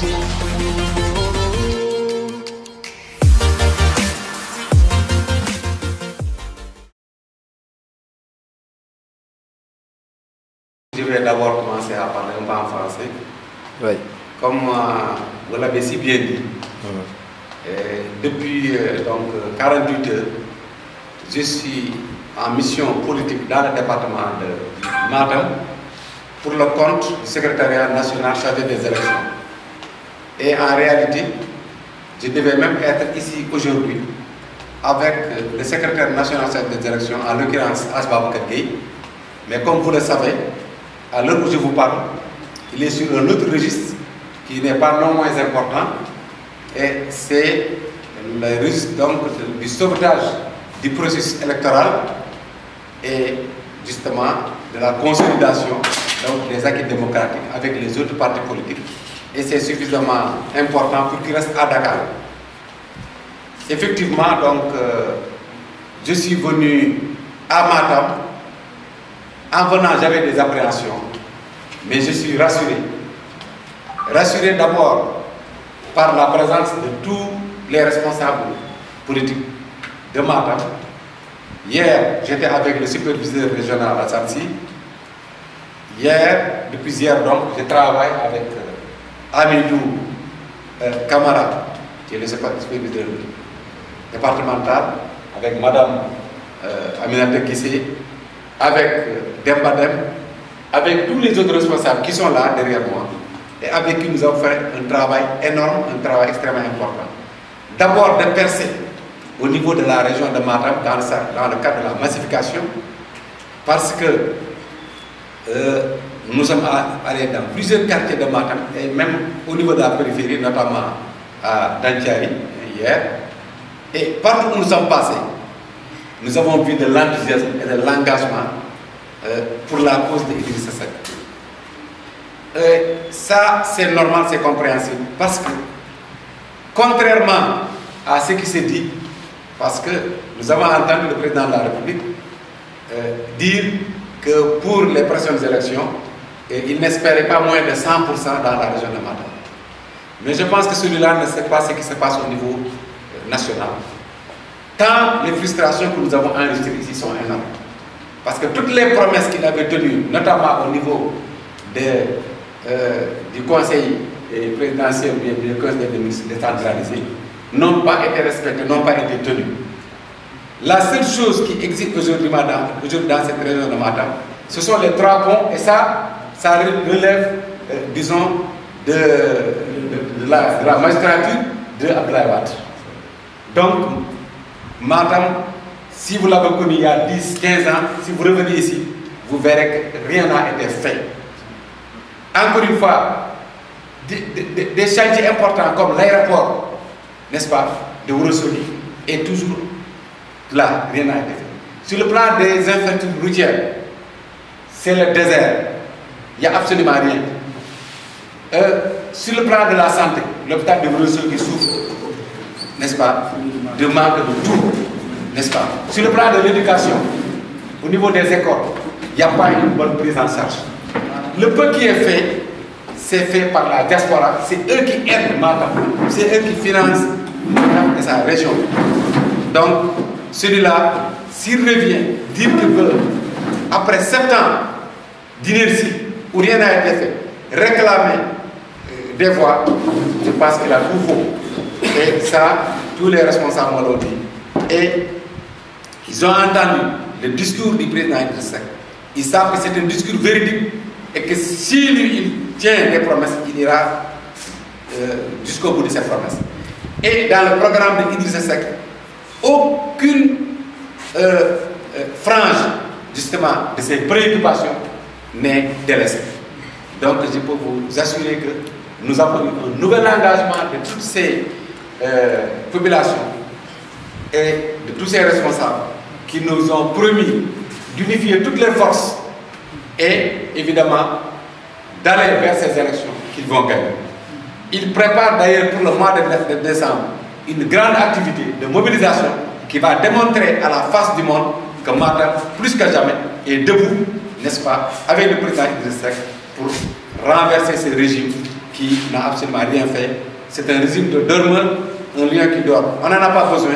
Je vais d'abord commencer à parler un peu en français. Oui. Comme euh, vous l'avez si bien dit, mm. euh, depuis euh, donc, 48 heures, je suis en mission politique dans le département de Matam pour le compte du secrétariat national chargé des élections. Et en réalité, je devais même être ici aujourd'hui avec le secrétaire national de direction, en l'occurrence Asbab Gueye. Mais comme vous le savez, à l'heure où je vous parle, il est sur un autre registre qui n'est pas non moins important, et c'est le registre du sauvetage du processus électoral et justement de la consolidation des acquis démocratiques avec les autres partis politiques et c'est suffisamment important pour qu'il reste à Dakar. Effectivement, donc, euh, je suis venu à Matam. En venant, j'avais des appréhensions, mais je suis rassuré. Rassuré d'abord par la présence de tous les responsables politiques de Matam. Hier, j'étais avec le superviseur régional à Sansi. Hier, depuis hier donc, je travaille avec euh, Amidou euh, camarade, qui est le secrétaire départemental, avec Madame euh, Aminata Kissé, avec euh, Dembadem, avec tous les autres responsables qui sont là derrière moi et avec qui nous avons fait un travail énorme, un travail extrêmement important. D'abord de percer au niveau de la région de Matam dans, dans le cadre de la massification parce que nous sommes allés dans plusieurs quartiers de Matam et même au niveau de la périphérie, notamment à Dantiari hier. Et partout où nous sommes passés, nous avons vu de l'enthousiasme et de l'engagement euh, pour la cause de l'Église Et euh, ça, c'est normal, c'est compréhensible. Parce que, contrairement à ce qui s'est dit, parce que nous avons entendu le président de la République euh, dire que pour les prochaines élections, et il n'espérait pas moins de 100% dans la région de Matam. Mais je pense que celui-là ne sait pas ce qui se passe au niveau euh, national. Tant les frustrations que nous avons enregistrées ici sont énormes. Parce que toutes les promesses qu'il avait tenues, notamment au niveau euh, du conseil euh, présidentiel ou bien du conseil des ministres décentralisés, n'ont pas été respectées, n'ont pas été tenues. La seule chose qui existe aujourd'hui dans, dans cette région de Matam, ce sont les trois ponts, et ça, ça relève, euh, disons, de, la, de, magistrature de Donc, madame, si vous l'avez connu il y a 10, 15 ans, si vous revenez ici, vous verrez que rien n'a été fait. Encore une fois, des, chantiers importants comme l'aéroport, n'est-ce pas, de Wurosouli, est toujours là, rien n'a été fait. Sur le plan des infrastructures routières, c'est le désert. Il n'y a absolument rien. Euh, sur le plan de la santé, l'hôpital de Bruxelles qui souffre, n'est-ce pas, de manque de tout, n'est-ce pas Sur le plan de l'éducation, au niveau des écoles, il n'y a pas une bonne prise en charge. Le peu qui est fait, c'est fait par la diaspora, c'est eux qui aident Matam, c'est eux qui financent Matam sa région. Donc, celui-là, s'il revient, dit que, après sept ans d'inertie, ou rien n'a été fait, réclamer euh, des voix, je pense qu'il a tout faux. Et ça, tous les responsables m'ont dit. Et ils ont entendu le discours du président Idrissa Ils savent que c'est un discours véridique et que si lui, tient les promesses, il ira euh, jusqu'au bout de ses promesses. Et dans le programme de Seck, aucune euh, frange justement de ses préoccupations n'est délaissé. Donc je peux vous assurer que nous avons eu un nouvel engagement de toutes ces euh, populations et de tous ces responsables qui nous ont promis d'unifier toutes les forces et évidemment d'aller vers ces élections qu'ils vont gagner. Ils préparent d'ailleurs pour le mois de décembre une grande activité de mobilisation qui va démontrer à la face du monde que Martin, plus que jamais, est debout n'est-ce pas, avec le président Idriss pour renverser ce régime qui n'a absolument rien fait. C'est un régime de dormeur, un lien qui dort. On n'en a pas besoin.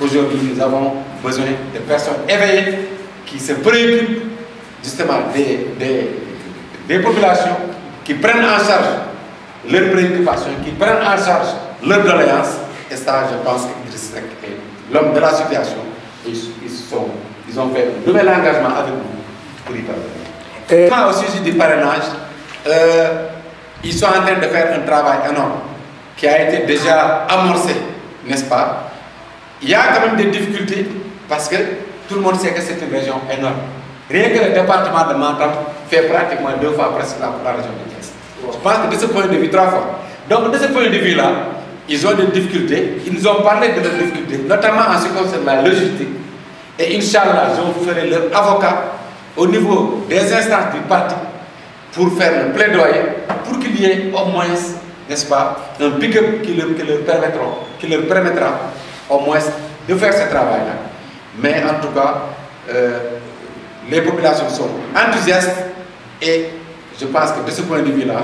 Aujourd'hui, nous avons besoin de personnes éveillées qui se préoccupent justement des, populations, qui prennent en charge leurs préoccupations, qui prennent en charge leur doléances. Et ça, je pense que qu'Idriss est l'homme de la situation. Ils, ils ont fait un nouvel engagement avec nous pour y au sujet du parrainage, euh, ils sont en train de faire un travail énorme qui a été déjà amorcé, n'est-ce pas Il y a quand même des difficultés parce que tout le monde sait que c'est une région énorme. Rien que le département de Matam fait pratiquement deux fois presque la, région de Thiès. Je pense que de ce point de vue, trois fois. Donc de ce point de vue-là, ils ont des difficultés. Ils nous ont parlé de leurs difficultés, notamment en ce qui concerne la logistique. Et Inch'Allah, je vous ferai leur avocat au niveau des instances du parti pour faire le plaidoyer pour qu'il y ait au moins, n'est-ce pas, un pick-up qui, leur, permettra, au moins de faire ce travail-là. Mais en tout cas, euh, les populations sont enthousiastes et je pense que de ce point de vue-là,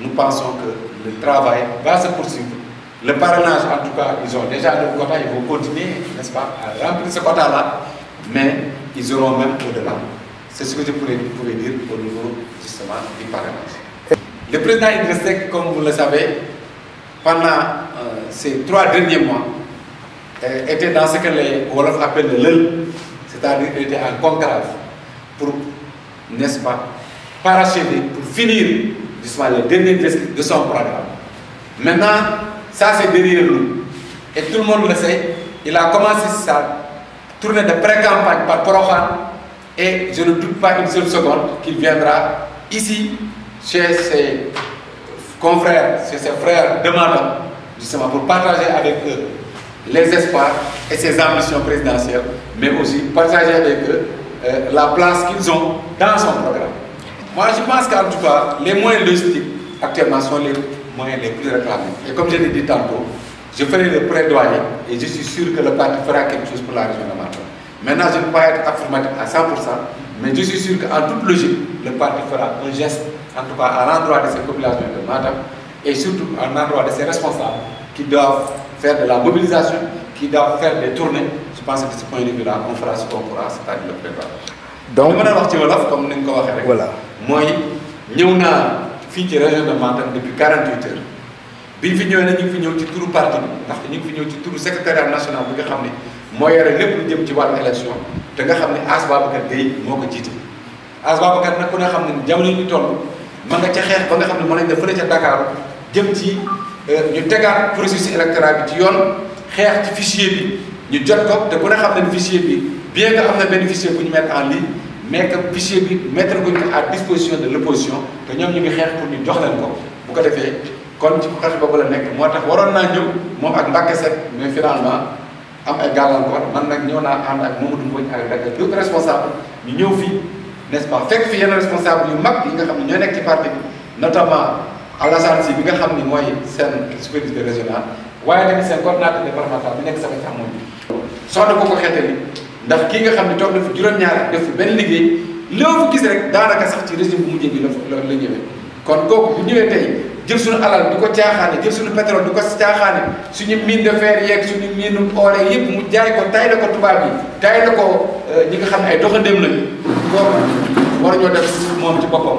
nous pensons que le travail va se poursuivre. Le parrainage, en tout cas, ils ont déjà le quota, ils vont continuer, n'est-ce pas, à remplir ce quota-là, mais ils auront même au-delà. C'est ce que je pourrais, dire au niveau justement du Parlement. Le président Idriss comme vous le savez, pendant euh, ces trois derniers mois, euh, était dans ce que les Wolofs appellent le c'est-à-dire qu'il était en conclave pour, n'est-ce pas, parachever, pour finir justement les derniers de son programme. Maintenant, ça c'est derrière nous. Et tout le monde le sait, il a commencé sa tournée de pré-campagne par Prohan et je ne doute pas une seule seconde qu'il viendra ici, chez ses confrères, chez ses frères demandants, justement pour partager avec eux les espoirs et ses ambitions présidentielles, mais aussi partager avec eux euh, la place qu'ils ont dans son programme. Moi, je pense qu'en tout cas, les moyens logistiques actuellement sont les moyens les plus réclamés. Et comme je l'ai dit tantôt, je ferai le prédoyer et je suis sûr que le parti fera quelque chose pour la région de Mato. Maintenant, je ne peux pas être affirmatif à 100%, mais je suis sûr qu'en toute logique, le parti fera un geste, en tout cas à l'endroit de ses populations de Matam, et surtout à l'endroit de ses responsables qui doivent faire de la mobilisation, qui doivent faire des tournées. Je pense que ce point de vue-là, on fera ce qu'on pourra, c'est-à-dire le prévoir. Donc, je vais vous dire comme nous l'avons dit. Voilà. Moi, nous avons dans région de Matam depuis 48 heures. Nous avons tous les sommes venus parti, nous sommes le au tour secrétariat national, nous moo yore lépp lu jëm ci wàllu élection te nga xam ne As Babacar Gueye moo ko jiite As Babacar nag ku ne xam ne jamono ñu toll ma nga ca xeex ba nga xam ne mën nañ def fële ca Dakar jëm ci euh, ñu tegaat processus électoral bi ci yoon xeex ci fichier bi ñu jot ko te bu ne xam ne fichier bi bien que am ne benn fichier bu ñu mettre en ligne mais que fichier bi mettre ko ñu à disposition de l' opposition te ñoom ñu ngi xeex pour ñu jox leen ko bu ko defee kon ci xarit nekk moo tax waroon naa ñëw moom ak Mbacke Seck mais finalement. am ay gàllankoor man nag ñëw naa ànd ak Mamadou Mbodj ak Dakar yëpp responsable ñu ñëw fii n'est-ce fekk fi yenn responsable yu mag yi nga xam ne ñoo nekk ci parti bi notamment Alassane Sy bi nga xam ni mooy seen superviseur régional waaye tamit seen coordinateur départemental bi nekk sama càmmoñ bi soxna ko ko xeetali ndax kii nga xam ne toog na fi juróom-ñaar def fi benn liggéey loo fu gis rek daanaka sax ci régime bu mujjee bi la la ñëwee kon kooku bu ñëwee tey jël suñu alal di ko caaxaane jël suñu pétrole di ko caaxaane suñu mine de fer yeeg suñu mine oore yëpp mu jaay ko tay la ko tubaab yi tay la ko euh, ñi nga xam ne ay doxandéem lañu kooku war ñoo def moom ci boppam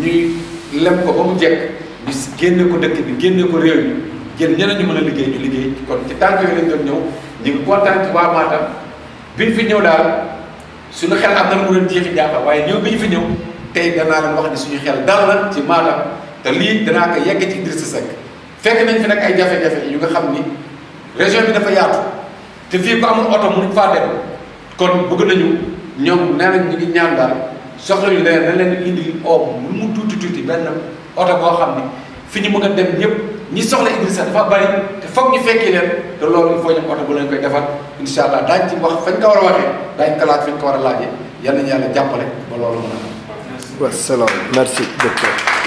ñuy lem ko ba mu jekk ñu génne ko dëkk bi génne ko réew mi jël ñeneen ñu mën a liggéey ñu liggéey kon ci tànk yooyu lañ doon ñëw ñu ngi kontaan ci waa Matam biñ fi ñëw daal suñu xel am na mu leen jeexi jaafa waaye ñëw bi ñu fi ñëw tey danaa leen wax ne suñu xel dal na ci Matam te li dina ko yegg ci Idrissa Seck fekk nañ fi nak ay jafé jafé yu nga xamni région bi dafa yaatu te fi ko amul auto mënuñ fa dem kon bëgg nañu ñom nee nañ ñu ngi ñaan dal soxla yu leer na leen indi o lu mu tuti tuti ben auto bo xamni fi ñu mëna dem ñëpp ñi soxla Idrissa dafa bari te fokk ñu fekké leen te loolu fo ñu auto bu leen koy defal inshallah dañ ci wax fañ ko wara a dañ ko laat fi ko wara laaje yalla yal nañu yàlla ba loolu mën a am. wasalaam merci docteur.